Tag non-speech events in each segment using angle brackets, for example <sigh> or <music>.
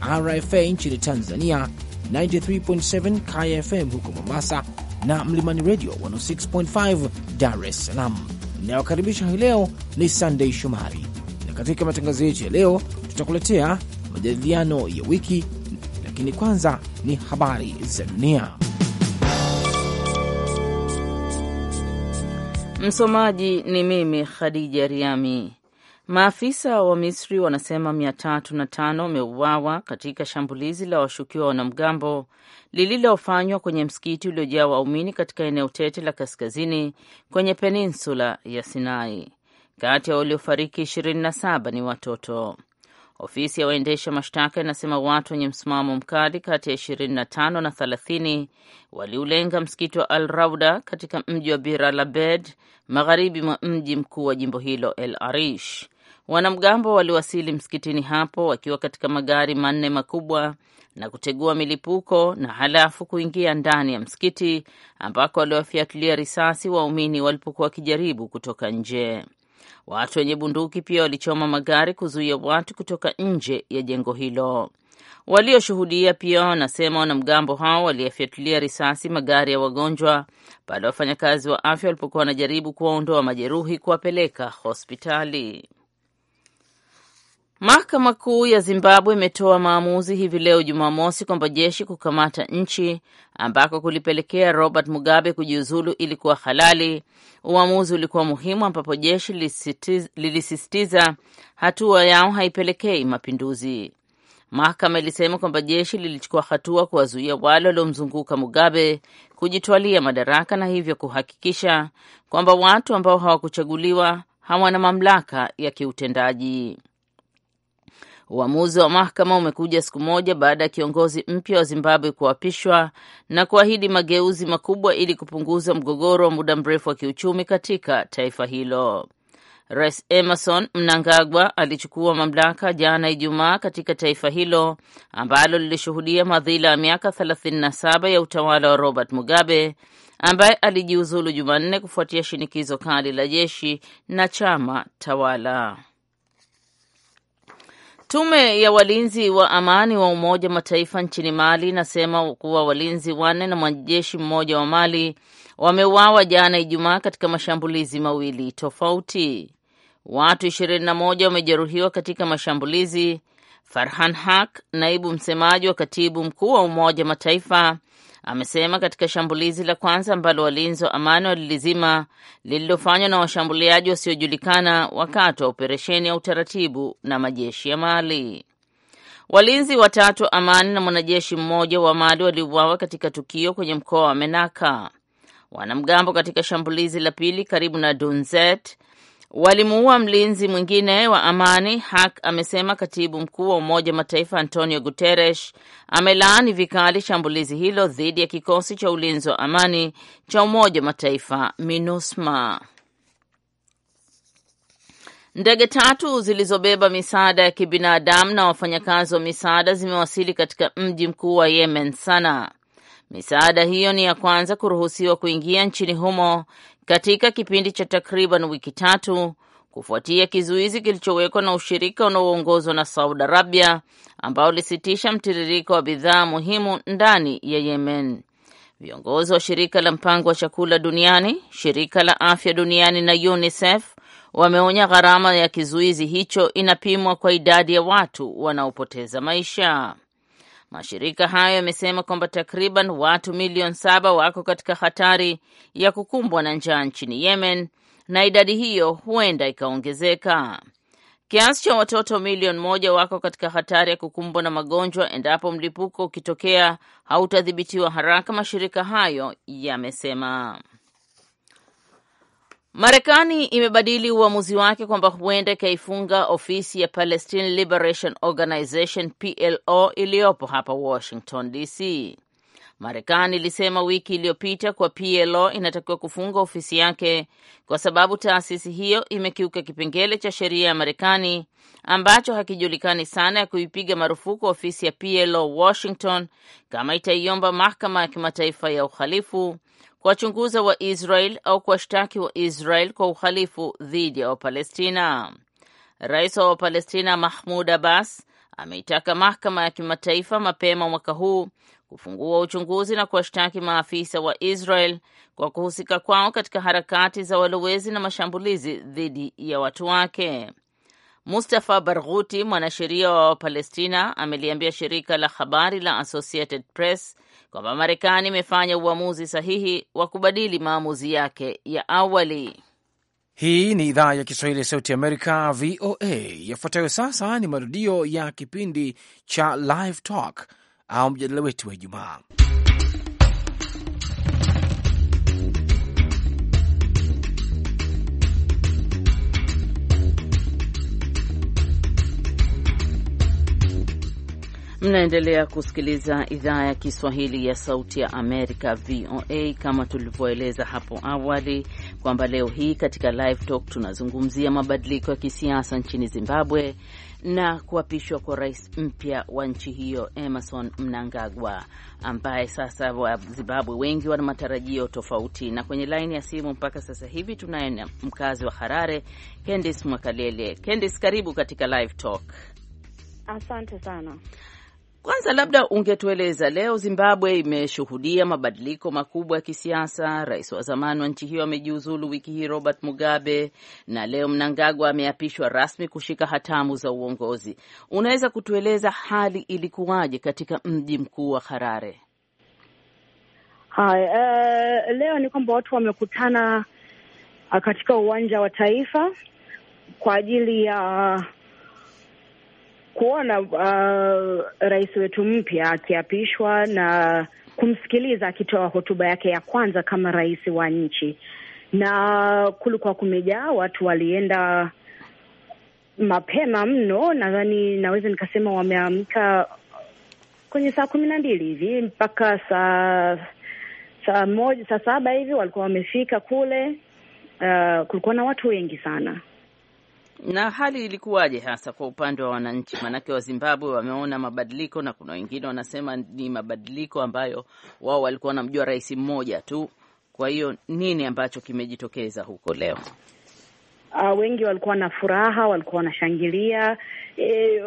RFA nchini Tanzania 93.7 Kaya FM huko Mombasa na Mlimani Radio 106.5 Dar es Salaam. Inayokaribisha hii leo ni Sunday Shomari, na katika matangazo yetu ya leo tutakuletea majadiliano ya wiki, lakini kwanza ni habari za dunia. Msomaji ni mimi Khadija Riami. Maafisa wa Misri wanasema mia tatu na tano wameuawa katika shambulizi la washukiwa wanamgambo lililofanywa kwenye msikiti uliojaa waumini katika eneo tete la kaskazini kwenye peninsula ya Sinai. Kati ya waliofariki 27 ni watoto. Ofisi ya waendesha mashtaka inasema watu wenye msimamo mkali kati ya 25 na 30 waliulenga msikiti wa Al Rauda katika mji wa Bir Al Abed, magharibi mwa mji mkuu wa jimbo hilo El Arish. Wanamgambo waliwasili msikitini hapo wakiwa katika magari manne makubwa na kutegua milipuko na halafu kuingia ndani ya msikiti ambako waliwafyatulia risasi waumini walipokuwa wakijaribu kutoka nje. Watu wenye bunduki pia walichoma magari kuzuia watu kutoka nje ya jengo hilo. Walioshuhudia pia wanasema wanamgambo hao waliyafyatulia risasi magari ya wagonjwa pale wafanyakazi wa afya walipokuwa wanajaribu kuwaondoa majeruhi kuwapeleka hospitali. Mahakama Kuu ya Zimbabwe imetoa maamuzi hivi leo Jumamosi kwamba jeshi kukamata nchi ambako kulipelekea Robert Mugabe kujiuzulu ilikuwa halali. Uamuzi ulikuwa muhimu, ambapo jeshi lilisisitiza hatua yao haipelekei mapinduzi. Mahakama ilisema kwamba jeshi lilichukua hatua kuwazuia wale waliomzunguka Mugabe kujitwalia madaraka na hivyo kuhakikisha kwamba watu ambao hawakuchaguliwa hawana mamlaka ya kiutendaji. Uamuzi wa mahakama umekuja siku moja baada ya kiongozi mpya wa Zimbabwe kuapishwa na kuahidi mageuzi makubwa ili kupunguza mgogoro wa muda mrefu wa kiuchumi katika taifa hilo. Rais Emerson Mnangagwa alichukua mamlaka jana Ijumaa katika taifa hilo ambalo lilishuhudia madhila ya miaka 37 ya utawala wa Robert Mugabe ambaye alijiuzulu Jumanne kufuatia shinikizo kali la jeshi na chama tawala. Tume ya walinzi wa amani wa Umoja wa Mataifa nchini Mali inasema kuwa walinzi wanne na mwanajeshi mmoja wa Mali wameuawa jana Ijumaa katika mashambulizi mawili tofauti. Watu 21 wamejeruhiwa katika mashambulizi. Farhan Haq, naibu msemaji wa katibu mkuu wa Umoja wa Mataifa, amesema katika shambulizi la kwanza ambalo walinzi wa amani walilizima lililofanywa na washambuliaji wasiojulikana wakati wa operesheni ya utaratibu na majeshi ya Mali. Walinzi watatu wa amani na mwanajeshi mmoja wa Mali waliuawa katika tukio kwenye mkoa wa Menaka. Wanamgambo katika shambulizi la pili karibu na Dunzet walimuua mlinzi mwingine wa amani. Hak amesema katibu mkuu wa Umoja Mataifa Antonio Guterres amelaani vikali shambulizi hilo dhidi ya kikosi cha ulinzi wa amani cha Umoja Mataifa MINUSMA. Ndege tatu zilizobeba misaada ya kibinadamu na wafanyakazi wa misaada zimewasili katika mji mkuu wa Yemen, Sana. Misaada hiyo ni ya kwanza kuruhusiwa kuingia nchini humo katika kipindi cha takriban wiki tatu kufuatia kizuizi kilichowekwa na ushirika unaoongozwa na Saudi Arabia ambao ulisitisha mtiririko wa bidhaa muhimu ndani ya Yemen. Viongozi wa shirika la mpango wa chakula duniani, shirika la afya duniani na UNICEF wameonya gharama ya kizuizi hicho inapimwa kwa idadi ya watu wanaopoteza maisha. Mashirika hayo yamesema kwamba takriban watu milioni saba wako katika hatari ya kukumbwa na njaa nchini Yemen na idadi hiyo huenda ikaongezeka. Kiasi cha watoto milioni moja wako katika hatari ya kukumbwa na magonjwa endapo mlipuko ukitokea hautadhibitiwa haraka, mashirika hayo yamesema. Marekani imebadili uamuzi wake kwamba huenda ikaifunga ofisi ya Palestine Liberation Organization PLO iliyopo hapa Washington DC. Marekani ilisema wiki iliyopita kuwa PLO inatakiwa kufunga ofisi yake kwa sababu taasisi hiyo imekiuka kipengele cha sheria ya Marekani ambacho hakijulikani sana ya kuipiga marufuku ofisi ya PLO Washington kama itaiomba mahakama ya kimataifa ya uhalifu kuwachunguza wa israel au kuwashtaki wa israel kwa uhalifu dhidi ya Wapalestina. Rais wa Wapalestina Mahmud Abbas ameitaka mahakama ya kimataifa mapema mwaka huu kufungua uchunguzi na kuwashtaki maafisa wa Israel kwa kuhusika kwao katika harakati za walowezi na mashambulizi dhidi ya watu wake. Mustafa Barghuti, mwanasheria wa Wapalestina, ameliambia shirika la habari la Associated Press kwamba Marekani imefanya uamuzi sahihi wa kubadili maamuzi yake ya awali. Hii ni idhaa ya Kiswahili ya Sauti Amerika, VOA. Yafuatayo sasa ni marudio ya kipindi cha Live Talk au mjadala wetu wa Ijumaa. Mnaendelea kusikiliza idhaa ya Kiswahili ya Sauti ya Amerika, VOA. Kama tulivyoeleza hapo awali kwamba leo hii katika Live Talk tunazungumzia mabadiliko ya kisiasa nchini Zimbabwe na kuapishwa kwa rais mpya wa nchi hiyo Emerson Mnangagwa, ambaye sasa Wazimbabwe wengi wana matarajio tofauti. Na kwenye laini ya simu mpaka sasa hivi tunaye na mkazi wa Harare, Kendis Mwakalele. Kendis, karibu katika Live Talk. Asante sana. Kwanza labda ungetueleza leo, Zimbabwe imeshuhudia mabadiliko makubwa ya kisiasa. Rais wa zamani wa nchi hiyo amejiuzulu wiki hii, Robert Mugabe, na leo Mnangagwa ameapishwa rasmi kushika hatamu za uongozi. Unaweza kutueleza hali ilikuwaje katika mji mkuu wa Harare? Hai, uh, leo ni kwamba watu wamekutana ah, katika uwanja wa taifa kwa ajili ya uh, kuona uh, rais wetu mpya akiapishwa na kumsikiliza akitoa hotuba yake ya kwanza kama rais wa nchi, na kulikuwa kumejaa watu, walienda mapema mno. Nadhani naweza nikasema wameamka kwenye saa kumi na mbili hivi mpaka saa saa moja saa saba hivi walikuwa wamefika kule. Uh, kulikuwa na watu wengi sana na hali ilikuwaje hasa kwa upande wa wananchi? Maanake Wazimbabwe wameona mabadiliko, na kuna wengine wanasema ni mabadiliko ambayo wao walikuwa wanamjua rais mmoja tu. Kwa hiyo nini ambacho kimejitokeza huko leo? Uh, wengi walikuwa na furaha, walikuwa wanashangilia e,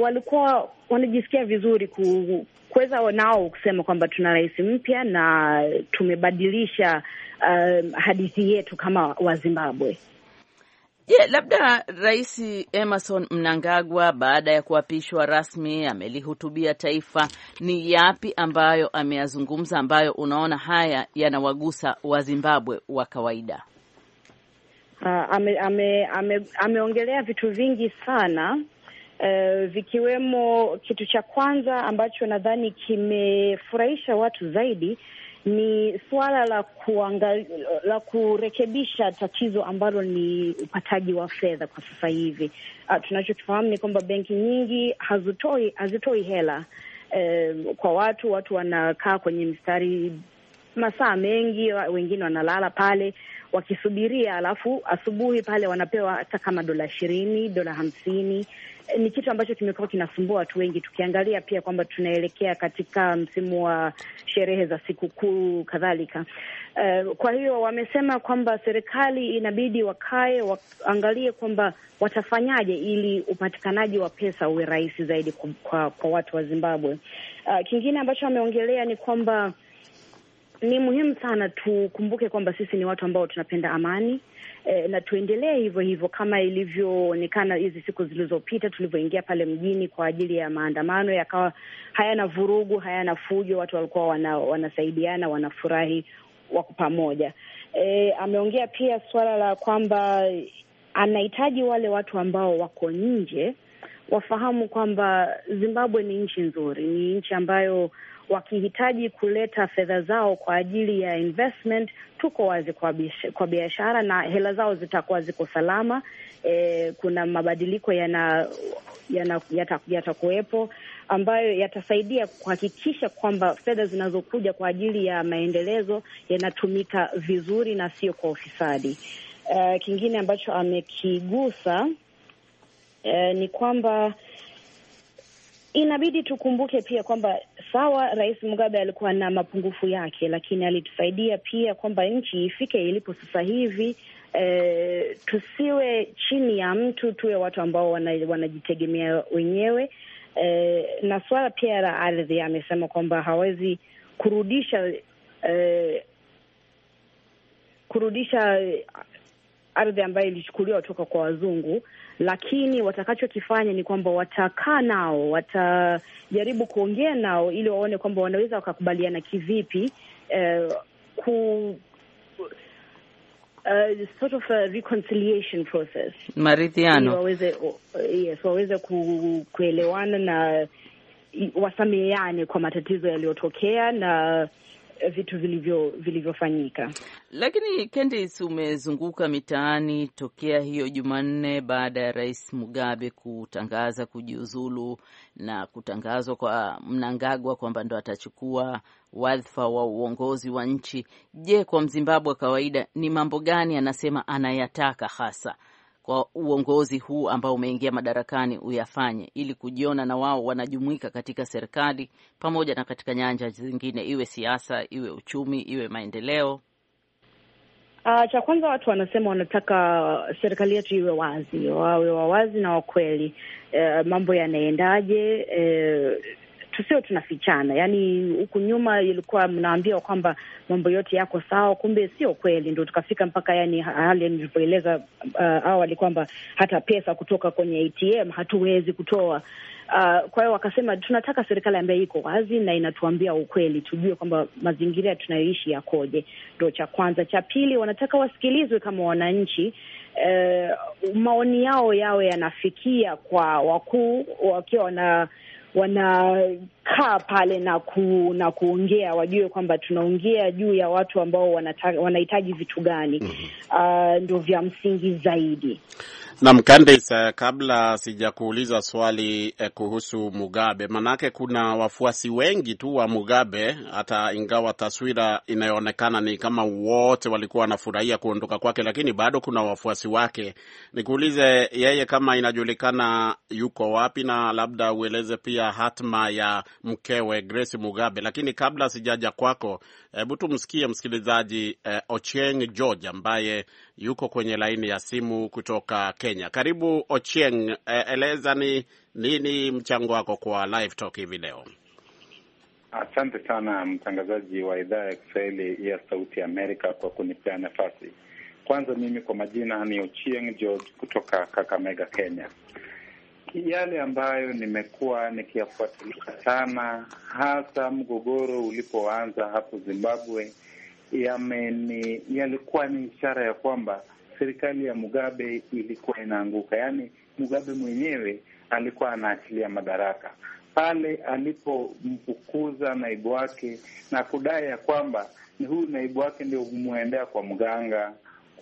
walikuwa wanajisikia vizuri ku, kuweza nao kusema kwamba tuna rais mpya na tumebadilisha uh, hadithi yetu kama Wazimbabwe. Je, yeah, labda Rais Emerson Mnangagwa baada ya kuapishwa rasmi amelihutubia taifa, ni yapi ambayo ameyazungumza ambayo unaona haya yanawagusa Wazimbabwe wa kawaida? ameongelea ah, ame, ame, ame, vitu vingi sana uh, vikiwemo kitu cha kwanza ambacho nadhani kimefurahisha watu zaidi ni suala la kuangali, la kurekebisha tatizo ambalo ni upataji wa fedha kwa sasa hivi. Uh, ah, tunachokifahamu ni kwamba benki nyingi hazitoi hazitoi hela eh, kwa watu. Watu wanakaa kwenye mstari masaa mengi, wengine wanalala pale wakisubiria, alafu asubuhi pale wanapewa hata kama dola ishirini, dola hamsini ni kitu ambacho kimekuwa kinasumbua watu wengi, tukiangalia pia kwamba tunaelekea katika msimu wa sherehe za sikukuu kadhalika. Uh, kwa hiyo wamesema kwamba serikali inabidi wakae waangalie kwamba watafanyaje ili upatikanaji wa pesa uwe rahisi zaidi kwa, kwa, kwa watu wa Zimbabwe. Uh, kingine ambacho wameongelea ni kwamba ni muhimu sana tukumbuke kwamba sisi ni watu ambao tunapenda amani eh, na tuendelee hivyo hivyo kama ilivyoonekana hizi siku zilizopita tulivyoingia pale mjini kwa ajili ya maandamano, yakawa hayana vurugu, hayana fujo, watu walikuwa wana, wanasaidiana, wanafurahi, wako pamoja. E, ameongea pia suala la kwamba anahitaji wale watu ambao wako nje wafahamu kwamba Zimbabwe ni nchi nzuri, ni nchi ambayo wakihitaji kuleta fedha zao kwa ajili ya investment, tuko wazi kwa, kwa biashara na hela zao zitakuwa ziko salama. E, kuna mabadiliko yana, yana, yatakuwepo ambayo yatasaidia kuhakikisha kwamba fedha zinazokuja kwa ajili ya maendelezo yanatumika vizuri na sio kwa ufisadi. Uh, kingine ambacho amekigusa uh, ni kwamba inabidi tukumbuke pia kwamba sawa, Rais Mugabe alikuwa na mapungufu yake, lakini alitusaidia pia kwamba nchi ifike ilipo sasa hivi. E, tusiwe chini ya mtu, tuwe watu ambao wanajitegemea wana wenyewe. E, na swala pia la ardhi, amesema kwamba hawezi kurudisha e, kurudisha ardhi ambayo ilichukuliwa toka kwa wazungu lakini watakachokifanya ni kwamba watakaa nao, watajaribu kuongea nao ili waone kwamba wanaweza wakakubaliana kivipi eh, ku Uh, sort of a reconciliation process, maridhiano waweze, yes, waweze ku, kuelewana na wasameheane kwa matatizo yaliyotokea na vitu vilivyo vilivyofanyika. Lakini Candice, umezunguka mitaani tokea hiyo Jumanne baada ya Rais Mugabe kutangaza kujiuzulu na kutangazwa kwa Mnangagwa kwamba ndo atachukua wadhifa wa uongozi wa nchi. Je, kwa Mzimbabwe wa kawaida ni mambo gani anasema anayataka hasa kwa uongozi huu ambao umeingia madarakani uyafanye, ili kujiona na wao wanajumuika katika serikali pamoja na katika nyanja zingine, iwe siasa, iwe uchumi, iwe maendeleo? Uh, cha kwanza watu wanasema wanataka serikali yetu iwe wazi, wawe wawazi na wakweli. Uh, eh, mambo yanaendaje? uh, tusio tunafichana. Yaani huku nyuma ilikuwa mnaambia kwamba mambo yote yako sawa, kumbe sio kweli. Ndo tukafika mpaka yani hali nilivyoeleza uh, awali kwamba hata pesa kutoka kwenye ATM hatuwezi kutoa. Uh, kwa hiyo wakasema tunataka serikali ambayo iko wazi na inatuambia ukweli, tujue kwamba mazingira tunayoishi yakoje. Ndo cha kwanza. Cha pili, wanataka wasikilizwe kama wananchi uh, maoni yao yawe yanafikia kwa wakuu wakiwa wana wana kaa pale na ku, na kuongea wajue kwamba tunaongea juu ya watu ambao wanahitaji vitu gani. mm -hmm. Uh, ah, ndo vya msingi zaidi. Naam, Candice, eh, kabla sijakuuliza swali eh, kuhusu Mugabe, manake kuna wafuasi wengi tu wa Mugabe, hata ingawa taswira inayoonekana ni kama wote walikuwa wanafurahia kuondoka kwake, lakini bado kuna wafuasi wake. Nikuulize yeye kama inajulikana yuko wapi, na labda ueleze pia hatma ya mkewe Grace Mugabe. Lakini kabla sijaja kwako, hebu tumsikie msikilizaji eh, Ochieng George ambaye yuko kwenye laini ya simu kutoka Kenya. Karibu Ochieng, eh, eleza ni nini mchango wako kwa live talk hivi leo? Asante sana mtangazaji wa idhaa ya Kiswahili ya Sauti Amerika kwa kunipea nafasi. Kwanza mimi kwa majina ni Ochieng George kutoka Kakamega, Kenya yale ambayo nimekuwa nikiyafuatilia sana, hasa mgogoro ulipoanza hapo Zimbabwe, yameni yalikuwa ni ishara ya kwamba serikali ya Mugabe ilikuwa inaanguka, yaani Mugabe mwenyewe alikuwa anaachilia madaraka pale alipomfukuza naibu wake na kudai ya kwamba ni huyu naibu wake ndio humwendea kwa mganga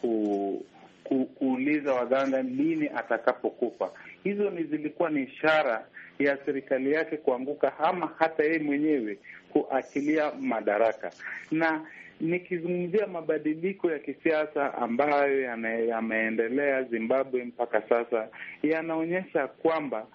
ku, ku, kuuliza waganga lini atakapokufa hizo ni zilikuwa ni ishara ya serikali yake kuanguka ama hata yeye mwenyewe kuachilia madaraka. Na nikizungumzia mabadiliko ya kisiasa ambayo yameendelea Zimbabwe mpaka sasa, yanaonyesha kwamba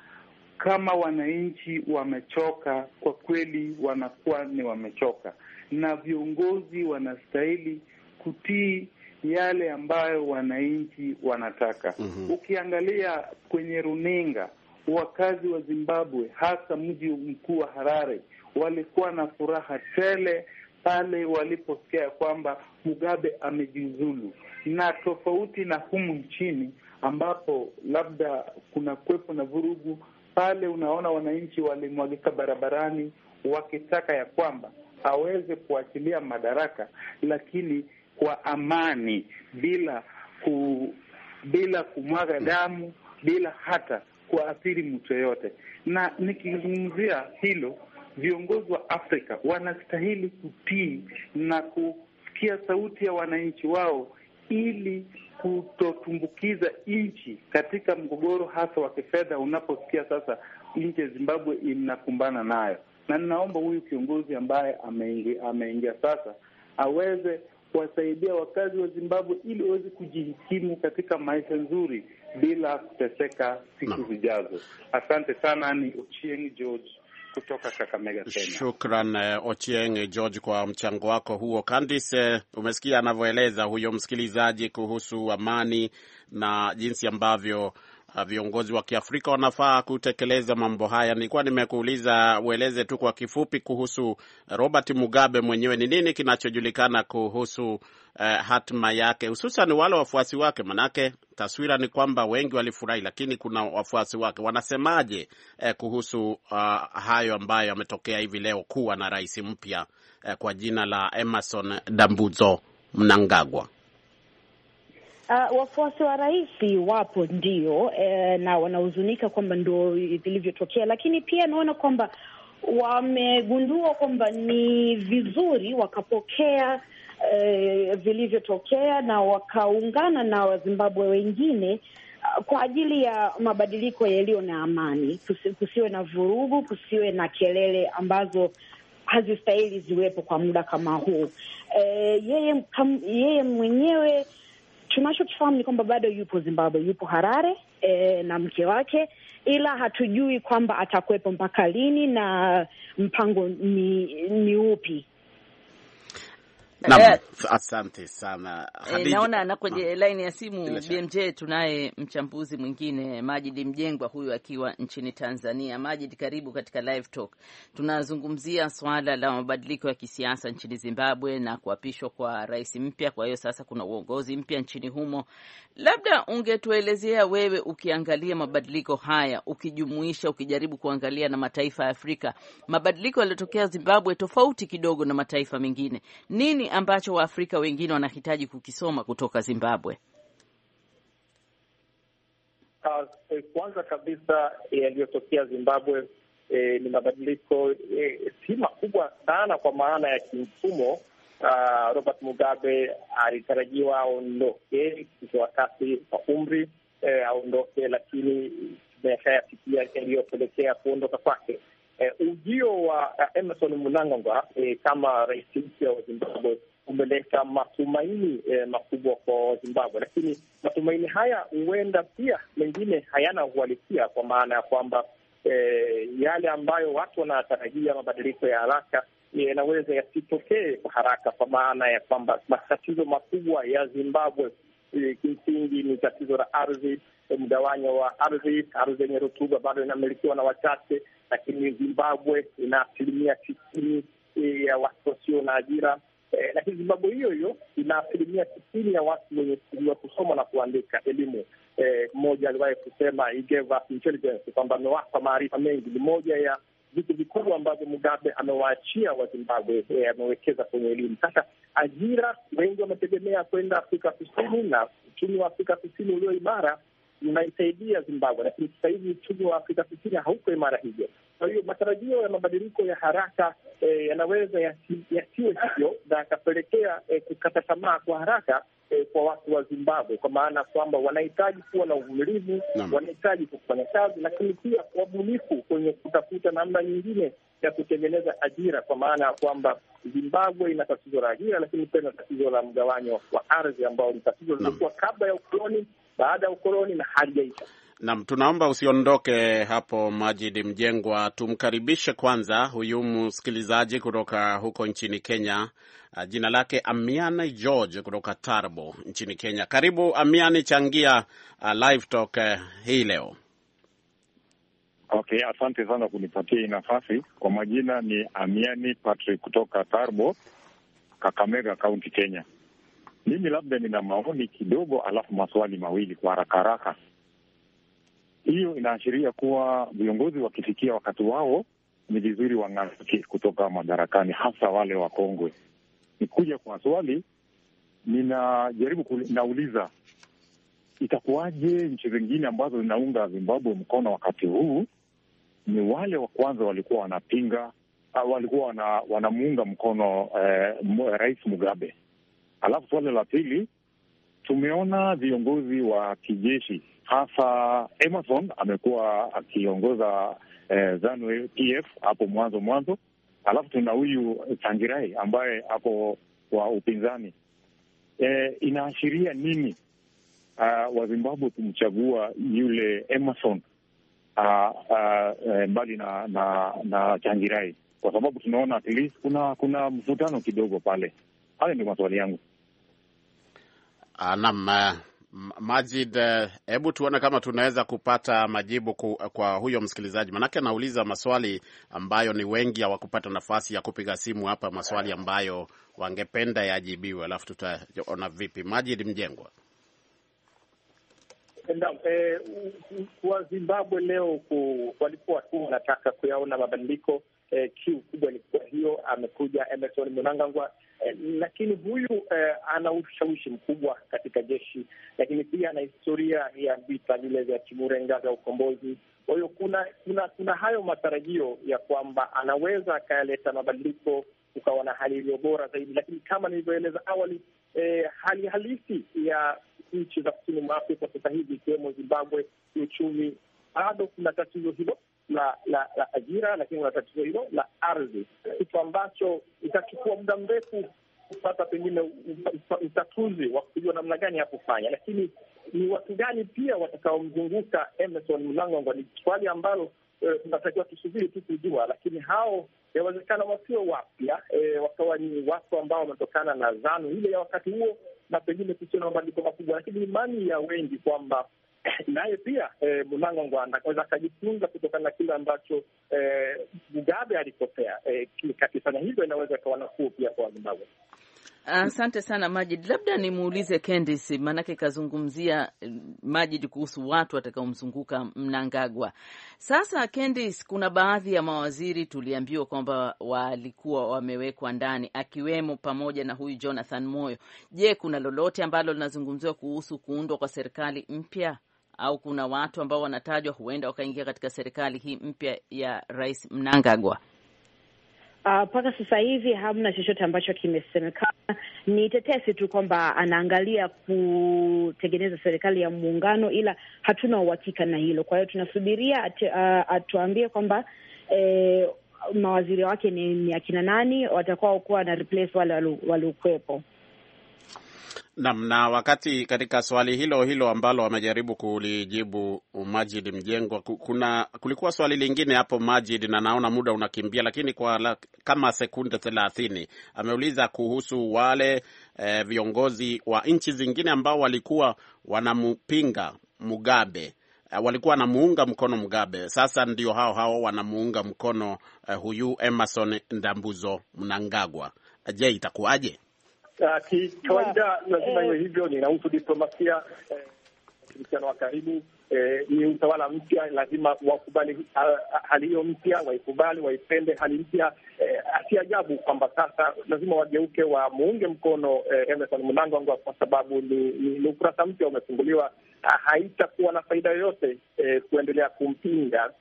kama wananchi wamechoka, kwa kweli wanakuwa ni wamechoka, na viongozi wanastahili kutii yale ambayo wananchi wanataka. mm -hmm. Ukiangalia kwenye runinga, wakazi wa Zimbabwe, hasa mji mkuu wa Harare, walikuwa na furaha tele pale waliposikia ya kwamba Mugabe amejiuzulu, na tofauti na humu nchini ambapo labda kuna kuwepo na vurugu, pale unaona wananchi walimwagika barabarani wakitaka ya kwamba aweze kuachilia madaraka, lakini kwa amani, bila ku, bila kumwaga damu, bila hata kuathiri mtu yoyote. Na nikizungumzia hilo, viongozi wa Afrika wanastahili kutii na kusikia sauti ya wananchi wao ili kutotumbukiza nchi katika mgogoro hasa wa kifedha unaposikia sasa nchi ya Zimbabwe inakumbana nayo, na ninaomba huyu kiongozi ambaye ameingia, ameingia sasa aweze kuwasaidia wakazi wa Zimbabwe ili waweze kujihikimu katika maisha nzuri bila kuteseka siku zijazo. Asante sana, ni Ochieng George kutoka Kakamega, Kenya. Shukran eh, Ochieng George kwa mchango wako huo. Candice, eh, umesikia anavyoeleza huyo msikilizaji kuhusu amani na jinsi ambavyo Ah, viongozi wa Kiafrika wanafaa kutekeleza mambo haya. Nilikuwa nimekuuliza ueleze tu kwa kifupi kuhusu Robert Mugabe mwenyewe, ni nini kinachojulikana kuhusu uh, eh, hatima yake, hususan wale wafuasi wake? Manake taswira ni kwamba wengi walifurahi, lakini kuna wafuasi wake wanasemaje uh, kuhusu uh, hayo ambayo yametokea hivi leo kuwa na rais mpya uh, kwa jina la Emerson Dambudzo Mnangagwa? Uh, wafuasi wa rais wapo ndio, eh, na wanahuzunika kwamba ndo vilivyotokea, lakini pia naona kwamba wamegundua kwamba ni vizuri wakapokea eh, vilivyotokea na wakaungana na Wazimbabwe wengine ah, kwa ajili ya mabadiliko yaliyo na amani. Kusi, kusiwe na vurugu, kusiwe na kelele ambazo hazistahili ziwepo kwa muda kama huu. Eh, yeye, kam, yeye mwenyewe Tunachokifahamu ni kwamba bado yupo Zimbabwe, yupo Harare e, na mke wake, ila hatujui kwamba atakuwepo mpaka lini na mpango ni, ni upi Naam, eh, asante sana e, naona na kwenye laini ya simu BMJ tunaye mchambuzi mwingine Majid Mjengwa, huyu akiwa nchini Tanzania. Majid, karibu katika live talk. Tunazungumzia swala la mabadiliko ya kisiasa nchini Zimbabwe na kuapishwa kwa rais mpya. Kwa hiyo sasa kuna uongozi mpya nchini humo, labda ungetuelezea wewe, ukiangalia mabadiliko haya, ukijumuisha, ukijaribu kuangalia na mataifa ya Afrika, mabadiliko yaliyotokea Zimbabwe tofauti kidogo na mataifa mengine, nini ambacho Waafrika wengine wanahitaji kukisoma kutoka Zimbabwe? Ah, eh, kwanza kabisa eh, yaliyotokea Zimbabwe eh, ni mabadiliko eh, si makubwa sana kwa maana ya kimfumo uh, Robert Mugabe alitarajiwa aondoke wakati kwa umri eh, aondoke, lakini tumeshayafikia yaliyopelekea kuondoka kwake. Eh, ujio wa uh, Emerson Mnangagwa eh, kama rais mpya wa Zimbabwe umeleta matumaini eh, makubwa kwa Zimbabwe, lakini matumaini haya huenda pia mengine hayana uhalisia kwa maana ya kwamba eh, yale ambayo watu wanatarajia mabadiliko ya haraka yanaweza eh, yasitokee kwa haraka, kwa maana ya kwamba matatizo makubwa ya Zimbabwe eh, kimsingi ni tatizo la ardhi, mgawanyo wa ardhi. Ardhi yenye rutuba bado inamilikiwa na wachache, lakini Zimbabwe ina asilimia tisini eh, ya watu wasio na ajira e, lakini Zimbabwe hiyo hiyo ina asilimia tisini ya watu wenye kujua kusoma na kuandika elimu. Mmoja e, aliwahi kusema kwamba amewapa maarifa mengi. Ni moja ya vitu vikubwa ambavyo Mugabe amewaachia Wazimbabwe, eh, amewekeza kwenye elimu. Sasa ajira, wengi wametegemea kwenda Afrika Kusini, na uchumi wa Afrika Kusini ulio imara unaisaidia Zimbabwe, lakini sasa hivi uchumi wa Afrika Kusini hauko imara hivyo. Kwa hiyo matarajio ya mabadiliko ya haraka eh, yanaweza yasiwe hivyo na yakapelekea eh, kukata tamaa kwa haraka eh, kwa watu wa Zimbabwe, kwa maana kwamba wanahitaji kuwa na uvumilivu, wanahitaji kufanya kazi, lakini pia wabunifu kwenye kutafuta namna nyingine ya kutengeneza ajira, kwa maana ya kwamba Zimbabwe ina tatizo la ajira, lakini pia ina tatizo la mgawanyo wa ardhi, ambao ni tatizo lilikuwa kabla ya ukoloni, baada ya ukoloni na halijaisha. Nam, tunaomba usiondoke hapo Majid Mjengwa. Tumkaribishe kwanza huyu msikilizaji kutoka huko nchini Kenya. Uh, jina lake Amiani George kutoka Tarbo nchini Kenya. Karibu Amiani, changia uh, live talk uh, hii leo. Okay, asante sana kunipatia hii nafasi. Kwa majina ni Amiani Patrick kutoka Tarbo, Kakamega Kaunti, Kenya. Mimi labda nina maoni kidogo, alafu maswali mawili kwa haraka haraka. Hiyo inaashiria kuwa viongozi wakifikia wakati wao, ni vizuri wang'atuke kutoka madarakani, hasa wale wakongwe. Ni kuja kwa swali, ninajaribu nauliza, itakuwaje nchi zingine ambazo zinaunga Zimbabwe mkono wakati huu ni wale wa kwanza walikuwa wanapinga ah, walikuwa wana, wanamuunga mkono eh, Rais Mugabe. Alafu swala la pili, tumeona viongozi wa kijeshi hasa Emerson amekuwa akiongoza eh, Zanu PF hapo mwanzo mwanzo, alafu tuna huyu Changirai ambaye hapo wa upinzani. Eh, inaashiria nini uh, ah, Wazimbabwe kumchagua yule Emerson uh, uh, mbali na, na na Changirai? Kwa sababu tunaona at least kuna kuna mvutano kidogo pale. Hayo ndio maswali yangu. Naam, eh, Majid, eh, hebu tuone kama tunaweza kupata majibu kwa huyo msikilizaji, manake anauliza maswali ambayo ni wengi hawakupata nafasi ya kupiga simu hapa, maswali ambayo wangependa yajibiwe, alafu tutaona vipi. Majid Mjengwa eh, wa Zimbabwe leo walikuwa tu wanataka kuyaona mabadiliko. Eh, kiu kubwa ilikuwa hiyo. Amekuja Emerson Mnangagwa Eh, lakini huyu eh, ana ushawishi mkubwa katika jeshi, lakini pia ana historia ya vita vile vya Chimurenga vya ukombozi. Kwa hiyo kuna, kuna kuna hayo matarajio ya kwamba anaweza akayaleta mabadiliko ukawa na hali iliyo bora zaidi, lakini kama nilivyoeleza awali eh, hali halisi ya nchi za kusini mwa Afrika sasa hivi ikiwemo Zimbabwe kiuchumi, bado kuna tatizo hilo la, la, la ajira, lakini kuna tatizo hilo la ardhi, kitu ambacho itachukua muda mrefu kupata pengine utatuzi wa kujua namna gani ya kufanya, lakini ni watu gani pia watakaomzunguka Emerson Mnangagwa ni swali ambalo eh, tunatakiwa e, tusubiri tu kujua, lakini hao yawezekana wasio wapya e, wakawa ni watu ambao wametokana na zanu ile ya wakati huo, na pengine kusio na mabadiliko makubwa, lakini imani ya wengi kwamba <coughs> naye pia e, Mnangagwa anaweza akajifunza kutokana na kile ambacho eh, Mugabe alikosea e, eh, kakifanya hivyo, inaweza ikawa nafuu pia kwa Wazimbabwe. Asante sana Majid, labda nimuulize Candice, maanake kazungumzia Majid kuhusu watu watakaomzunguka Mnangagwa. Sasa Candice, kuna baadhi ya mawaziri tuliambiwa kwamba walikuwa wamewekwa ndani, akiwemo pamoja na huyu Jonathan Moyo. Je, kuna lolote ambalo linazungumziwa kuhusu kuundwa kwa serikali mpya? au kuna watu ambao wanatajwa huenda wakaingia katika serikali hii mpya ya Rais Mnangagwa? Ah, mpaka uh, sasa hivi hamna chochote ambacho kimesemekana. Ni tetesi tu kwamba anaangalia kutengeneza serikali ya muungano, ila hatuna uhakika na hilo. Kwa hiyo tunasubiria ah, atuambie uh, kwamba eh, mawaziri wake ni, ni akina nani watakuwa kuwa na replace wale waliokuwepo. Naam, na wakati katika swali hilo hilo ambalo wamejaribu kulijibu Majid Mjengwa, kuna kulikuwa swali lingine hapo Majid, na naona muda unakimbia, lakini kwa la, kama sekunde thelathini, ameuliza kuhusu wale e, viongozi wa nchi zingine ambao walikuwa wanampinga Mugabe eh, walikuwa wanamuunga mkono Mugabe, sasa ndio hao hao wanamuunga mkono uh, huyu Emerson Ndambuzo Mnangagwa. Je, itakuwaje? Kikawaida eh, lazima iwe eh. hivyo, ninahusu diplomasia, eh, ushirikiano wa karibu. Ni utawala mpya, lazima wakubali hali hiyo mpya, waikubali, waipende hali mpya. Si ajabu kwamba sasa lazima wageuke, wamuunge mkono Emerson Mnangagwa kwa sababu ni ukurasa mpya umefunguliwa. Ah, haitakuwa na faida yoyote kuendelea kumpinga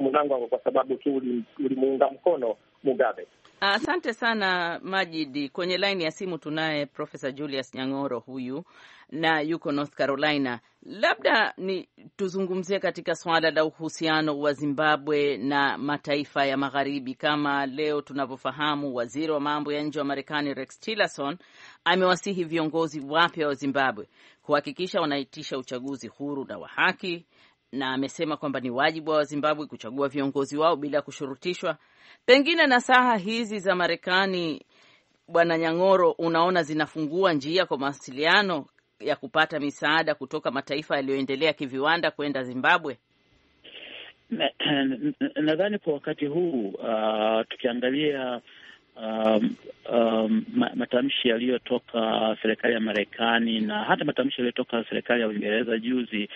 Mnangagwa kwa sababu tu ulimuunga mkono Mugabe. Asante sana Majidi. Kwenye laini ya simu tunaye Profesa Julius Nyang'oro, huyu na yuko North Carolina. Labda ni tuzungumzie katika suala la uhusiano wa Zimbabwe na mataifa ya magharibi. Kama leo tunavyofahamu, waziri wa mambo ya nje wa Marekani Rex Tillerson amewasihi viongozi wapya wa Zimbabwe kuhakikisha wanaitisha uchaguzi huru na wa haki na amesema kwamba ni wajibu wa Wazimbabwe kuchagua viongozi wao bila kushurutishwa. Pengine nasaha hizi za Marekani, Bwana Nyang'oro, unaona zinafungua njia kwa mawasiliano ya kupata misaada kutoka mataifa yaliyoendelea kiviwanda kwenda Zimbabwe? <clears throat> Nadhani na, na, na kwa wakati huu uh, tukiangalia um, um, matamshi yaliyotoka serikali ya Marekani na hata matamshi yaliyotoka serikali ya Uingereza juzi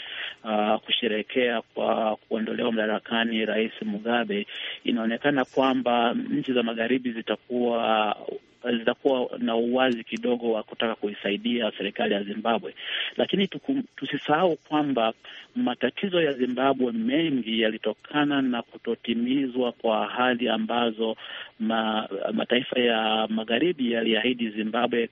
uh, kusherekea kwa kuondolewa madarakani Rais Mugabe, inaonekana kwamba nchi za magharibi zitakuwa Eh, zitakuwa na uwazi kidogo wa kutaka kuisaidia serikali ya Zimbabwe, lakini tusisahau kwamba matatizo ya Zimbabwe mengi yalitokana na kutotimizwa kwa ahadi ambazo ma, mataifa ya magharibi yaliahidi Zimbabwe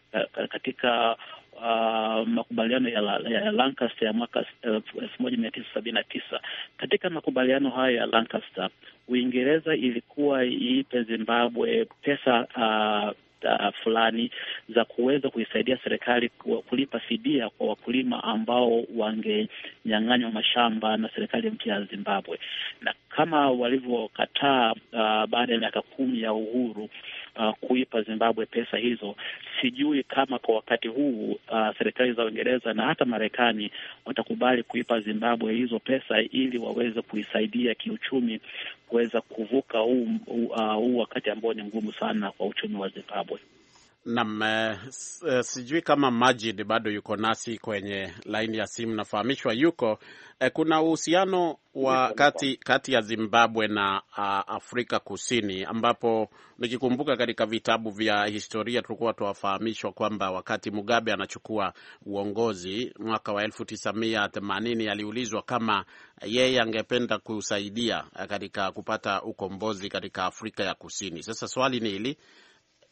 katika Uh, makubaliano ya, la, ya Lancaster ya mwaka eh, elfu moja mia tisa sabini na tisa. Katika makubaliano hayo ya Lancaster, Uingereza ilikuwa iipe Zimbabwe pesa uh, uh, fulani za kuweza kuisaidia serikali kulipa fidia kwa wakulima ambao wangenyang'anywa mashamba na serikali mpya ya Zimbabwe, na kama walivyokataa uh, baada ya miaka kumi ya uhuru uh, kuipa Zimbabwe pesa hizo. Sijui kama kwa wakati huu uh, serikali za Uingereza na hata Marekani watakubali kuipa Zimbabwe hizo pesa ili waweze kuisaidia kiuchumi kuweza kuvuka huu uh, wakati ambao ni ngumu sana kwa uchumi wa Zimbabwe. Nam, eh, eh, sijui kama Majid bado yuko nasi kwenye laini ya simu. Nafahamishwa yuko eh, kuna uhusiano wa kati, kati ya Zimbabwe na ah, Afrika Kusini ambapo nikikumbuka katika vitabu vya historia tulikuwa tuwafahamishwa kwamba wakati Mugabe anachukua uongozi mwaka wa elfu tisa mia themanini aliulizwa kama yeye angependa kusaidia katika kupata ukombozi katika Afrika ya Kusini. Sasa swali ni hili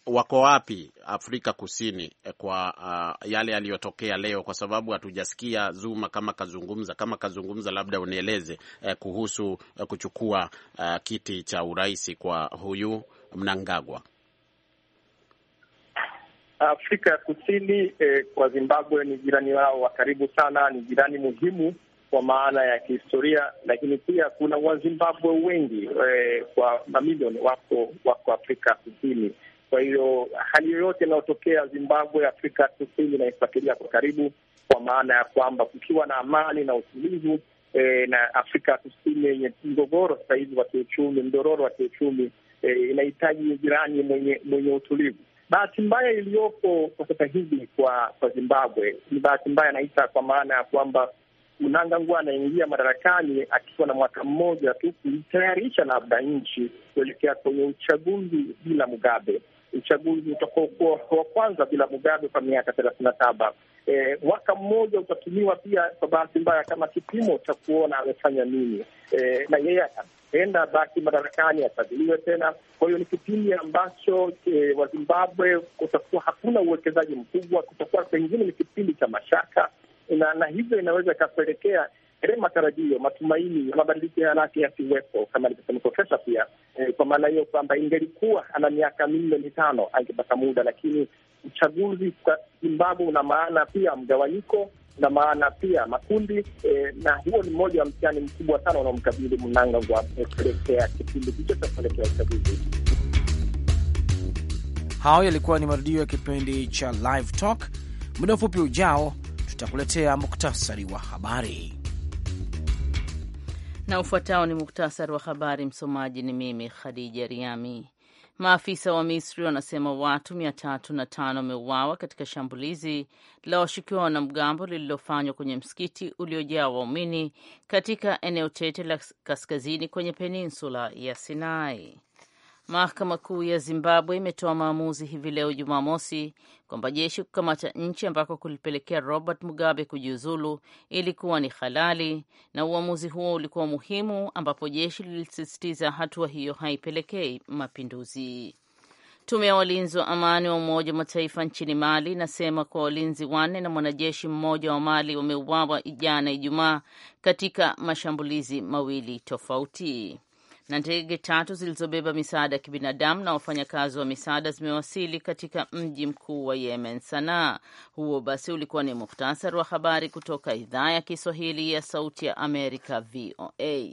wako wapi Afrika Kusini eh, kwa uh, yale yaliyotokea leo, kwa sababu hatujasikia Zuma kama kazungumza. Kama kazungumza, labda unieleze uh, kuhusu uh, kuchukua uh, kiti cha urais kwa huyu Mnangagwa. Afrika Kusini eh, kwa Zimbabwe ni jirani wao wa karibu sana, ni jirani muhimu kwa maana ya kihistoria, lakini pia kuna Wazimbabwe wengi eh, kwa mamilioni wako wako Afrika Kusini kwa hiyo hali yoyote inayotokea Zimbabwe, Afrika Kusini inaifuatilia kwa karibu, kwa maana ya kwamba kukiwa na amani na utulivu e, na Afrika Kusini yenye mgogoro sasa hivi wa kiuchumi, mdororo wa kiuchumi e, inahitaji jirani mwenye mwenye utulivu. Bahati mbaya iliyopo kwa sasa hivi kwa kwa Zimbabwe ni bahati mbaya naita, kwa maana ya kwamba Mnangagwa anaingia madarakani akiwa na mwaka mmoja tu kuitayarisha labda nchi kuelekea kwenye uchaguzi bila Mugabe uchaguzi utakaokuwa wa kwanza bila Mugabe kwa miaka thelathini na saba. E, mwaka mmoja utatumiwa pia kwa bahati mbaya kama kipimo cha kuona amefanya nini, e, na yeye ataenda baki madarakani afadhiliwe tena. Kwa hiyo ni kipindi ambacho e, Wazimbabwe kutakuwa hakuna uwekezaji mkubwa, kutakuwa pengine ni kipindi cha mashaka na, na hivyo inaweza ikapelekea yale matarajio, matumaini ya mabadiliko ya haraka yasiwepo, kama alivyosema Profesa pia eh, kwa maana hiyo kwamba ingelikuwa ana miaka minne mitano angepata muda, lakini uchaguzi kwa Zimbabwe una maana pia mgawanyiko na maana pia makundi eh, na huo ni mmoja wa mtihani mkubwa sana unaomkabili Mnangagwa eh, kuelekea kipindi hicho cha kuelekea uchaguzi. Hayo yalikuwa ni marudio ya kipindi cha Live Talk. Muda mfupi ujao, tutakuletea muktasari wa habari. Na ufuatao ni muktasari wa habari. Msomaji ni mimi Khadija Riami. Maafisa wa Misri wanasema watu mia tatu na tano wameuawa katika shambulizi la washukiwa wanamgambo lililofanywa kwenye msikiti uliojaa waumini katika eneo tete la kaskazini kwenye peninsula ya Sinai. Mahakama Kuu ya Zimbabwe imetoa maamuzi hivi leo Jumamosi kwamba jeshi kukamata nchi ambako kulipelekea Robert Mugabe kujiuzulu ilikuwa ni halali, na uamuzi huo ulikuwa muhimu, ambapo jeshi lilisisitiza hatua hiyo haipelekei mapinduzi. Tume ya walinzi wa amani wa Umoja wa Mataifa nchini Mali inasema kuwa walinzi wanne na mwanajeshi mmoja wa Mali wameuawa jana Ijumaa katika mashambulizi mawili tofauti na ndege tatu zilizobeba misaada ya kibinadamu na wafanyakazi wa misaada zimewasili katika mji mkuu wa Yemen, Sanaa. Huo basi ulikuwa ni muhtasari wa habari kutoka idhaa ya Kiswahili ya Sauti ya Amerika, VOA.